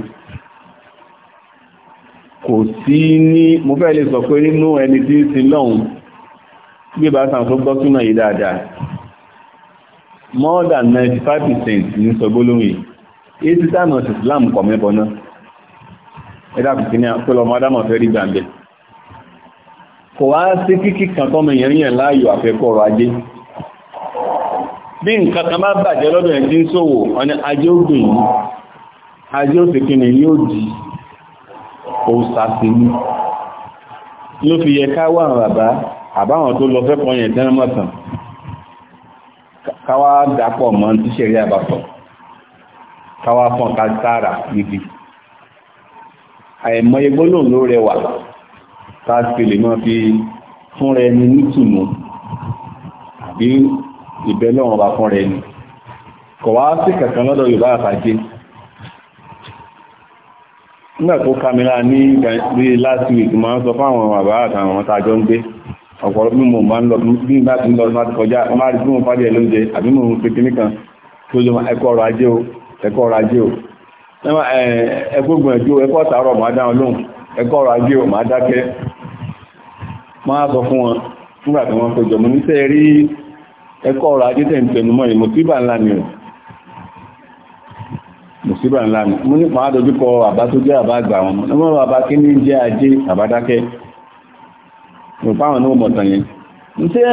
kò sí ní mo fẹ́ lè sọ pé nínú ẹni tí ń sin lọ́hun bí bá sàn tó gbọ́ súnà yìí dáadáa more than 95% ní sọ gbólóhùn yìí èyí tí táàmù Islam kọ̀ mẹ́bọ̀ náà ẹ̀dá kìí ní àpẹlọmọ adámọ̀ fẹ́ rí gbàǹdẹ̀ kò wá sí kíkì kan tọ́mọ yẹn láàyò àfẹ́kọ́ ọrọ̀ ajé bí nǹkan kan bá bàjẹ́ lọ́dọ̀ ẹ̀dí ń ṣòwò ọ̀nà ajé ó gbè yìí ajé ó sì kìnnì yóò di òsàsì ní ló fi yẹ ká wà bàbá àbáwọn tó lọ fẹ́kọ̀ọ́ yẹn tẹ́rẹ mọ́sàn káwá dápọ̀ mọ́ tí ṣẹ̀rí àbáfọ̀ káwá fọ́n ká sára níbi àìmọye gbólóhùn ló rẹwà tá lè mọ́ fi fúnra ẹni nítùnú àbí ìbẹ́ lọ́wọ́n bá fún rẹ̀ ni kọ̀ wá sí kankan lọ́dọ̀ Yorùbá àfàjẹ́ nígbà tó kamẹ́rà ní ìgbàlẹ́ last week máa ń sọ fáwọn bàbá àtàwọn ọmọ tàjọ ń gbé ọ̀pọ̀lọpọ̀ mímọ̀ máa ń lọ bí bá ti ń lọ láti kọjá máa rí bí mo fàdí ẹ̀ lóúnjẹ àbí mo ń pe kíní kan tó lọ ẹkọ ọrọ̀ ajé o ẹkọ ọrọ̀ ajé o ẹkọ gbọ̀njú ẹkọ ọ̀tàrọ̀ o máa dákẹ́ máa sọ fún wọn nígbà tí wọ́n pẹjọ mo níṣẹ́ ẹkọ́ ọ̀rọ̀ adétẹ̀ ń tẹnumọ́ ní mùsíbà ńlá ni rẹ̀ mùsíbà ńlá ni mú nípa àdójúkọ àbá tó jẹ́ àbá àgbà wọn lọ́mọ́ bàbá kí ní jẹ́ ajé àbádákẹ́ ìpáwọn náà mọ̀tàn yẹn ń tẹ́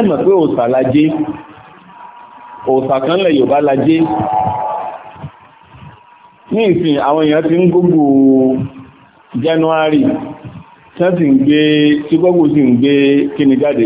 ẹ̀mọ̀ pé January tí wọ́n sì ń gbé tí gbogbo sì ń gbé kíni jáde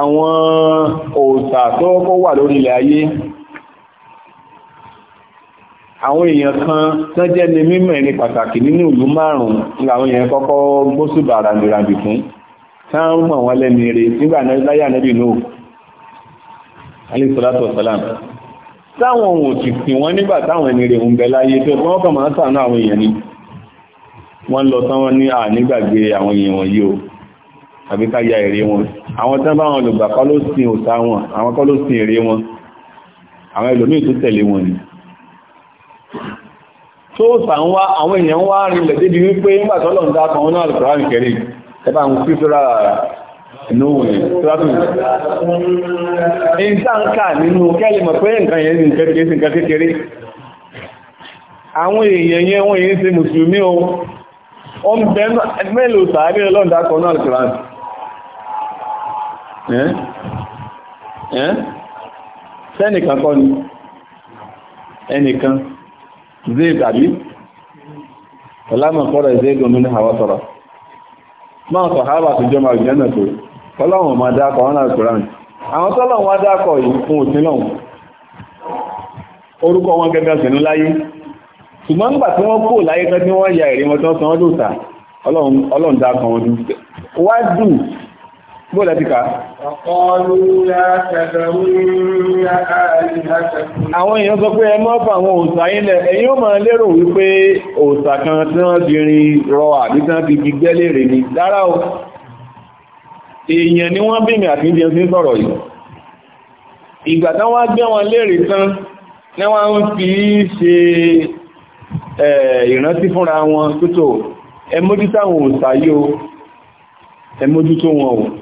àwọn òòṣà tó kọ́ wà lórí ilẹ̀ ayé àwọn èèyàn kan tán jẹ́ ni mímọ̀ ẹni pàtàkì nínú ìlú márùn-ún làwọn èèyàn kọ́kọ́ gbóṣùbà ràǹdìràǹdì fún tán mọ̀ wọ́n lẹ́ni rẹ̀ nígbà láyà nẹ́bì náà alẹ́sọ́látọ̀ sọ́lá táwọn ohun òtì sí wọ́n nígbà táwọn ni wọ́n lọ tán àbí ká ya èrè wọn àwọn tán bá wọn lògbà kọ́ ló sin òta wọn àwọn kọ́ ló sin èrè wọn àwọn ẹlòmíì tó tẹ̀lé wọn ni tó sàn wá àwọn èèyàn wá rinlẹ̀ débi wípé nígbà tó lọ́n dá kan náà lùkọ́ ráàrùn kẹrì ẹbá ń sí sọ́ra nóhùn ní tíráàtù ní táǹkà nínú kẹ́lì mọ̀ pé nǹkan yẹn ní nǹkan kéèsì nǹkan kékeré àwọn èèyàn yẹn wọ́n yẹn ṣe mùsùlùmí o ó ń bẹ́ẹ̀ mélòó sàárè lọ́n dá kan náà lùkọ́ ráàrùn sẹ́nìkan kọ́ ni ẹnìkan zéè tàbí ọlámọ̀ kọ́rọ̀ zéè gọmí ní àwọn máa ha bá jọ máa gbẹ́nà tó ọlọ́run ma dákọ̀ wọn láti kùrán àwọn tọ́lọ̀wọ́n wá dákọ̀ fún orúkọ wọn ya bó lẹ́bí ká àwọn èèyàn sọ pé ẹmọ́ fà àwọn òòsà ilẹ̀ èyí ó máa lérò wípé òòsà kan tí wọ́n ti rin rọ àbí tán ti fi gbẹ́lẹ̀ rẹ̀ ní dára o èèyàn ni wọ́n bí mi àti ìjẹun sí sọ̀rọ̀ yìí ìgbà tán wá gbé wọn lérè tán ní wọ́n ń fi ṣe ìrántí fúnra wọn tó tó ẹmójútó àwọn òòsà yìí ẹmójútó wọn o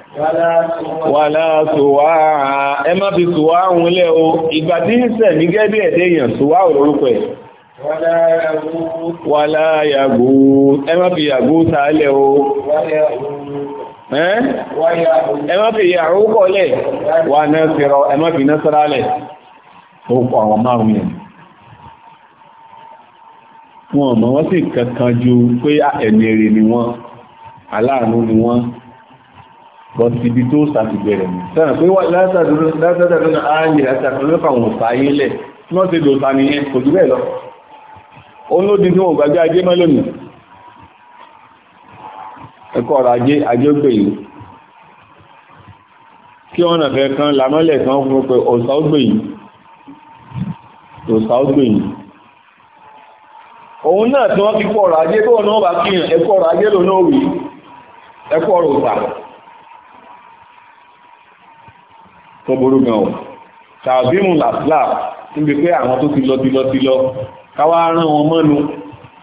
wàlá tòwà ẹ má fi tòwà òun lẹ́ o ìgbà tí ń sẹ̀ ní gẹ́gẹ́ ẹ̀dẹ́ èèyàn tòwà òlórúkọ ẹ̀ wàlá yàgò ẹ má fi yàgò tààlẹ̀ o ẹ má fi yàgò kọlẹ̀ wà náà fẹ́rọ ẹ má fi náà orúkọ àwọn márùn-ún yẹn wọn ọ̀mọ̀ wọ́n sì kankan ju pé ẹ̀mẹ̀rẹ̀ ni wọ́n aláàánú ni wọ́n bọ̀sibí tó sàti bẹ̀rẹ̀ mi sẹ́nà pé wà látàdàdà ààyè àti àkọlẹ́fà wọn sáyé lẹ̀ tí wọ́n ti dò ta ní ẹn kò jù bẹ́ẹ̀ lọ olódi tí wọ́n gbàgbé ajé mẹ́lòmí ẹkọ́ ọ̀rọ̀ ajé ajé ó pè yìí kí wọ́n nàfẹ́ kan lámọ́lẹ̀ kan fún pé ọ̀sá ó gbè yìí ọ̀sá ó gbè yìí òun náà tí wọ́n fi kọ́ ọ̀rọ̀ ajé tó wọn náà bá kíyàn ẹkọ́ ọ̀rọ̀ ajé lónà òwì ẹkọ́ ọ̀rọ̀ òsà tó burú gan o tàbímù làṣlà níbi pé àwọn tó ti lọ ti lọ ti lọ káwá rán wọn mọ́nu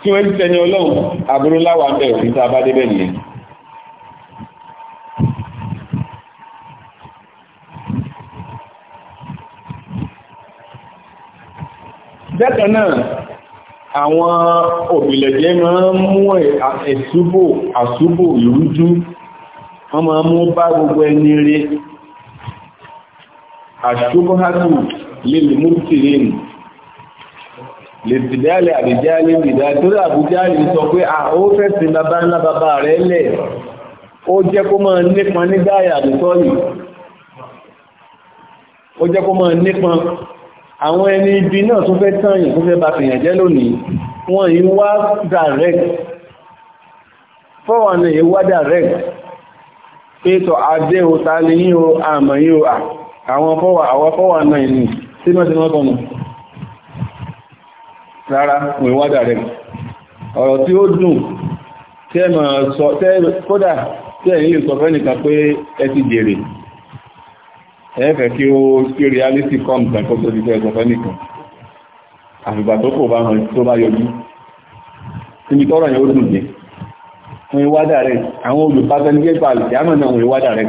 tí wọ́n ti tẹni ọlọ́run aburú láwà ń bẹ̀rẹ̀ sí tá a bá débẹ̀ nìyẹn bẹ́ẹ̀ náà àwọn òbìlẹ̀jẹ́ máa ń mú ẹ̀súbò àsúbò ìrújú wọ́n máa mú bá gbogbo ẹni rí àṣùbọ́hátù lè lè mú tìrì nù lè ti dálẹ̀ àbíjá lè bìdá torí àbújá lè sọ pé à ó fẹ́ sí bàbá ńlá bàbá rẹ̀ lẹ̀ ó jẹ́ kó máa nípa nígbà àyàdùtọ́ yìí àwọn ẹni ibi náà tó fẹ́ tààyàn tó fẹ́ bá fìyàn jẹ́ lónìí wọ́n yìí wá direct fọ́wọ́n yìí wá direct pé tọ́ adé o ta yí o àmọ̀ yí o à àwọn fọ́wà àwọn fọ́wà náà ni tí mọ́ sí mọ́ tọ́nà rárá mọ̀ ìwádà rẹ̀ ọ̀rọ̀ tí ó dùn tẹ́mọ̀ sọ kódà tẹ́yìn lè sọ fẹ́nìkan pé ẹ ti jèrè ẹ̀ẹ́fẹ́ kí ó kí reality come tàkó tó ti fẹ́ sọ fẹ́nìkan àfìgbà tó kò bá hàn tó bá yọjú níbi tọ́rọ̀ yẹn ó dùn jẹ́ wọn ìwádà rẹ̀ àwọn olùpátẹ́ni gẹ́gbà àlùkẹ́ àmọ́ náà wọn ìwádà rẹ̀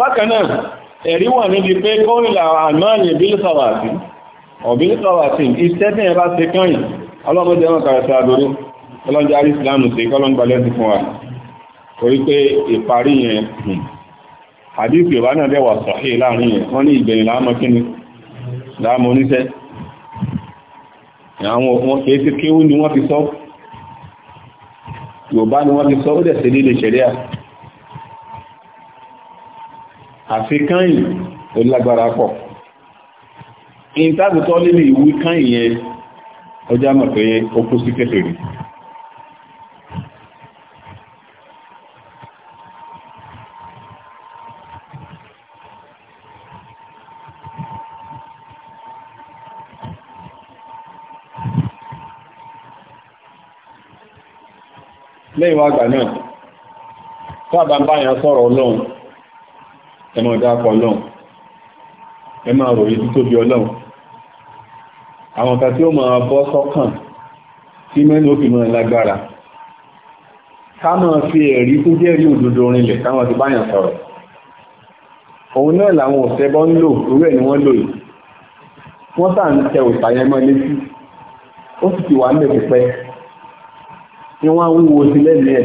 bákanáà ẹ̀rí wà níbi pé kọ́rìnlá àmáàlì bílísàwàtí ọ̀bílísàwàtí iṣẹ́ tí ẹ̀bá ti kọ́yìn ọlọ́mọdé ẹ̀rọ kàrẹ̀sẹ̀ àdúró ọlọ́jẹ́ àrí ìsìlámù sí kọ́lọ́gbàlẹ́ ti fún wa torí pé ìparí yẹn àdífì hmm, ọba náà dẹ̀wà sọ̀hí láàrin yẹn wọ́n ní ìgbẹ̀yìn láàmọ́ kíni láàmọ́ oníṣẹ́ àwọn kéèsì kéwú ni wọ́n ti sọ Yorùbá ni wọ́n ti sọ ó dẹ̀ sí líle ṣẹ̀ríà àfikáyìn ó lágbára pọ̀ ìntàbùtọ́ lílì ìwú káyìn yẹn ọjá mọ̀ pé ó kú sí kéfèrè lẹ́yìn wá gbà náà tó àbámbáyàn sọ̀rọ̀ ọlọ́run ẹ máa dápọ̀ ọlọ́run ẹ máa ròyìn tí tóbi ọlọ́run àwọn kan tí ó máa bọ́ sọ́kàn tí mẹ́nu ó fi máa lágbára ká máa fi ẹ̀rí tó jẹ́ rí òdodo rinlẹ̀ káwọn ti báyàn sọ̀rọ̀ òun náà làwọn òṣèbọ́ ń lò orí ẹ̀ ni wọ́n lò yìí wọ́n tà ń tẹ òṣà yẹn mọ́ létí ó sì ti wà ń bẹ̀ pípẹ́ ni wọ́n á wúwo sí lẹ́nu ẹ̀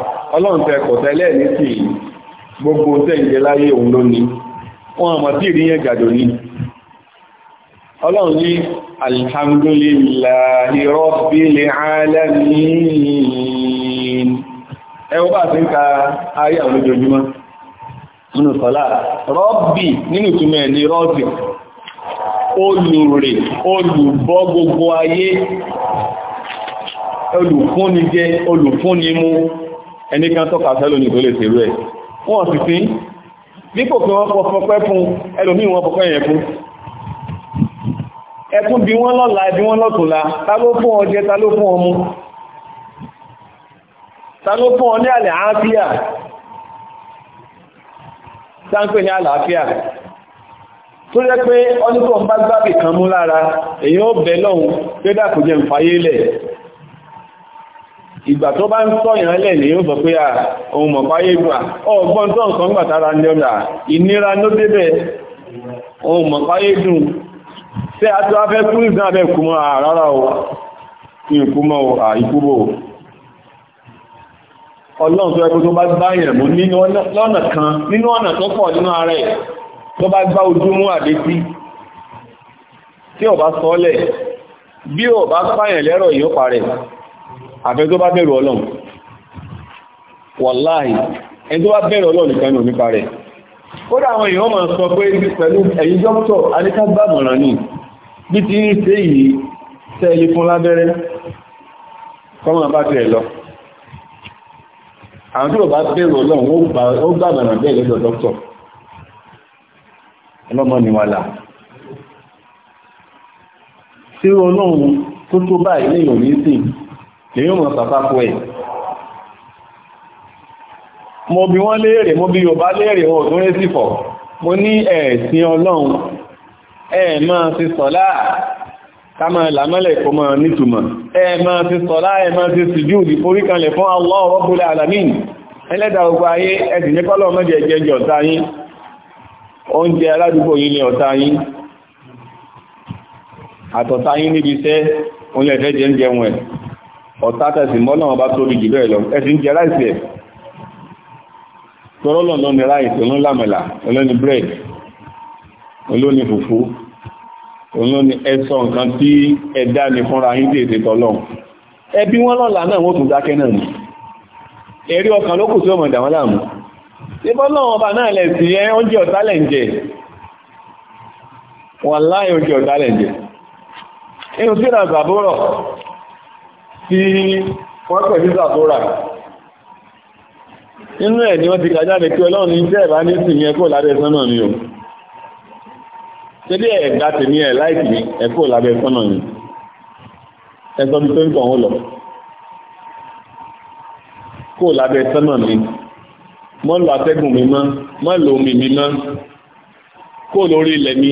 ọlọ́run tẹ kọ̀ tẹ́lẹ̀ ní sí gbogbo tẹ́ǹjẹ láyé òun ló ní wọn àmọ́ tí ìrí yẹn gàdò ní ọlọ́run ní alhamdulillahi rabbil alamin ẹwọ́ bá ti ń ka ayé àwọn ojoojúmọ́ nínú sọ́lá rọ́bì nínú ìtumẹ̀ ní rọ́bì olùrè olùbọ́ gbogbo ayé olùfúnni jẹ olùfúnni mú ẹni kan tọ́ka sẹ́lómi tó lè ṣerú ẹ̀ wọ́n sì sí dípò pé wọ́n pọ̀ pẹ́ fún ẹlòmí wọn pọ̀ pẹ́yẹn fún ẹkún bí wọ́n lọ́la bí wọ́n lọ́tùnla ta ló fún ọ jẹ ta ló fún ọ mu ta ló fún ọ ní àlẹ́ àáfíà sáńpẹ́ ní àlàáfíà tó jẹ́ pé ọdún tó ń bá gbábì kan mú lára èyí ó bẹ̀ lọ́hun pé dákùjẹ́ ń fayé lẹ̀ ìgbà tó bá ń sọ́yàn lẹ̀ ní ó sọ pé à ohun mọ̀páyé gbà ọgbọ́n tó ń sọ ń gbàtara ní ọ̀dà ìnira ló débẹ̀ ohun mọ̀páyé dùn tẹ́ a tó afẹ́ kú ìgbà abẹ́ kúmọ́ àrárá o ìkúmọ́ ìkúbò ọlọ́run tó ẹkùn tó bá gbáyàn mú nínú ọ̀nà kan nínú ọ̀nà tó pọ̀ nínú ara ẹ̀ tó bá gbá ojú mú àdétí tí ó bá sọ́ọ́lẹ̀ bí ó bá pààyàn lẹ́rọ̀ yóò parẹ̀ àfẹ́ tó bá bẹ̀rù ọlọ́run wàláhì ẹni tó bá bẹ̀rù ọlọ́run nìkan ní onípa rẹ̀ kódà àwọn èèyàn máa sọ pé pẹ̀lú ẹ̀yin dókítọ̀ aníkágbàmọ̀ràn ní bí ti ń ṣe yìí tẹ́lẹ̀ fún lábẹ́rẹ́ kọ́mọ̀ bá tẹ̀ lọ àwọn tí ò bá bẹ̀rù ọlọ́run ó gbàmọ̀ràn bẹ́ẹ̀ lọ́dọ̀ dókítọ̀ ọlọ́mọ ni wà láà tí ọlọ́run tó tó báyìí lẹ́yìn òní sìn lèyìn mọ̀ sàtàkù ẹ̀ mo bi wọ́n léèrè mo bi Yorùbá léèrè wọn ò tún rẹ́ sí fọ̀ mo ní ẹ̀ẹ̀sìn Ọlọ́run ẹ máa ti sọ̀lá ká máa làmọ́lẹ̀ kó máa nítumọ̀ ẹ máa ti sọ̀lá ẹ máa ti sùjú ìforíkanlẹ̀ fún Allah Rabbul Alamin ẹlẹ́dàá gbogbo ayé ẹ̀sìn ní kọ́lọ̀ mẹ́jẹ jẹjẹ ọ̀tá yín oúnjẹ aládùúgbò yín ni ọ̀tá yín àtọ̀tá yín níbi iṣẹ́ òun lẹ̀fẹ́ jẹ́ ọ̀tá tẹ̀sì mọ́nà ọba tóbi jù bẹ́ẹ̀ lọ ẹ̀sìn jẹ́ ráìsì ẹ̀ tọ́rọ́ lọ́nà ní ráìsì olóńlámẹ̀lá olóní bread olóní fùfú olóní ẹ̀sọ́ nǹkan tí ẹ̀dá ni fúnra yín tí èdè tọ́lọ́ ẹbí wọn lọ́la náà wọ́n tún dákẹ́ náà ni ẹ̀rí ọkàn ló kù sí ọmọ ìdàwọn láàmú ṣébọ́ lọ́wọ́ ọba náà lẹ̀ sí ẹ oúnjẹ ọ̀tá lẹ̀ ń jẹ wàláì oúnjẹ ọ̀tá lẹ̀ ń jẹ tí wọ́n pẹ̀ sí sàbúrà inú ẹ̀ ni wọ́n ti kàjáde pé ọlọ́run ní jẹ́ ẹ̀bá ní sí yẹn kó lábẹ́ sánà ni o ṣe bí ẹ̀gbá tè ní ẹ̀ láìkì ní ẹ̀ kó lábẹ́ sánà ni ẹ̀sọ́ bí tó ń tàn ó lọ kó lábẹ́ sánà ni mọ́ lọ atẹ́gùn mi mọ́ mọ́ lọ omi mi mọ́ kó lórí ilẹ̀ mi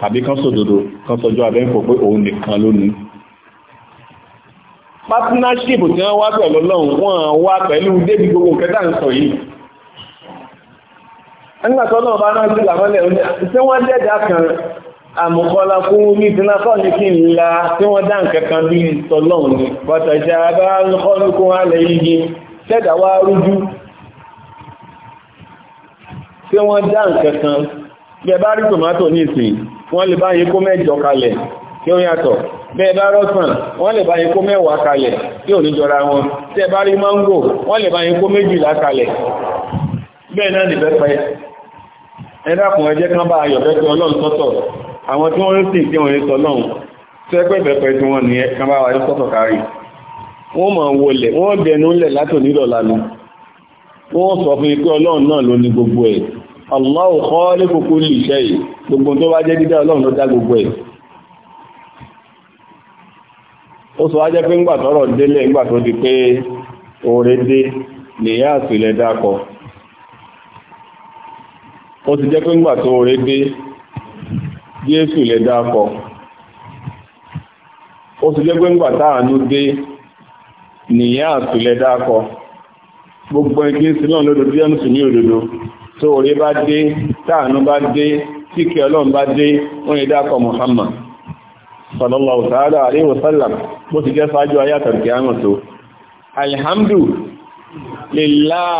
tàbí kan sòdodo kan sọjọ́ abẹ́ǹkò pé òun nìkan lónìí partnership tí wọ́n wá pẹ̀lú ọlọ́run wọ́n wá pẹ̀lú débi gbogbo kẹta ń sọ yìí ẹgbàtọ́ náà bá rántí làmọ́lẹ̀ tí wọ́n dẹ́dà kan àmùkọ́lá fún ní ìtìnàkọ́ ní kí n la tí wọ́n dá nǹkan kan bí sọlọ́run ni pàtàkì àbá ń kọ́ ní kó wá lẹ̀ yìí tẹ́dà wá rújú tí wọ́n dá nǹkan kan bí ẹ bá rí tòmátò ní ìsìn wọ́n lè bá yín kó mẹ́jọ kalẹ̀ tí ó yàtọ̀ bẹ́ẹ̀ bá rọ́sàn wọ́n lè bá yín kó mẹ́wàá kalẹ̀ tí ò ní jọra wọn tí ẹ bá rí mángò wọ́n lè bá yín kó méjìlá kalẹ̀ bẹ́ẹ̀ náà ní bẹ́pẹ ẹ̀dàkùn ẹjẹ́ kan bá ayọ̀ bẹ́pẹ ọlọ́run sọ́tọ̀ àwọn tí wọ́n ń sìn tí wọ́n ń Allahu khaliqu kulli yìí, gbogbo tó bá jẹ́ dídá ọlọ́run ló dá gbogbo ẹ̀ ó sọ wá jẹ́ pé ńgbà tọ́rọ̀ délẹ̀ tó di pé oore dé lè yá àtìlẹ̀ ó ti jẹ́ pé tó oore dé Jésù ó ti jẹ́ pé táàánú dé nìyá gbogbo ẹgbẹ́ ní tó orí bá dé táànú bá dé kíkẹ́ ọlọ́run bá dé wọ́n yìí dákọ̀ Muhammad sallallahu ta'ala alaihi wasallam bó ti jẹ́ sáájú ayátọ̀ kí á mọ̀ tó alhamdu lillah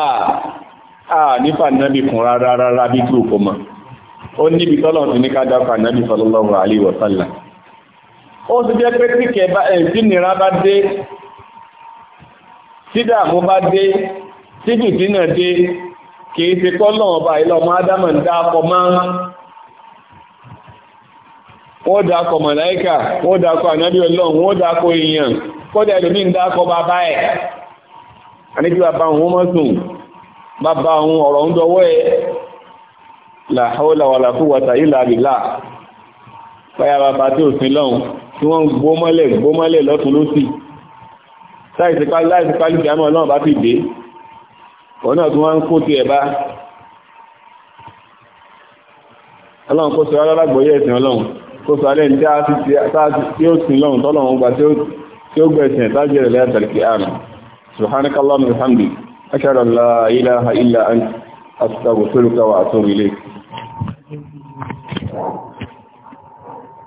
a nípa nábi kùn rárá rárá bí kí òkú mọ̀ ó níbi tọ́lọ̀ ti ní ká dákọ̀ nábi sallallahu alaihi wasallam ó ti jẹ́ pé kíkẹ́ bá ẹ̀ tí nira bá dé tí bá dé tí dé kìí ṣe kọ́lọ̀ ọba ìlọ́mọ adámọ̀ ń dáapọ̀ máa wọ́n dáapọ̀ màláíkà wọ́n dáapọ̀ ànábí ọlọ́run wọ́n dáapọ̀ èèyàn kọ́dà ẹlòmí ń dáapọ̀ bàbá ẹ̀ àníkí bàbá òun mọ́ sùn bàbá òun ọ̀rọ̀ ń dọwọ́ ẹ̀ la hawla wala quwwata illa billah báyà bàbá tí ò sin lọ́run tí wọ́n gbómọ́lẹ̀ gbómọ́lẹ̀ lọ́tún lọ́sì láìsí pálí àmọ́ ọlọ́run bá ọ̀nà tí wọ́n ń kó ti ẹ̀bá ọlọ́run kó sọ alágbòye ẹ̀sìn ọlọ́run kó sọ alẹ́ ní tí ó sin lọ́run tọ́lọ́run gba tí ó gbẹ̀sìn tájẹ̀ rẹ̀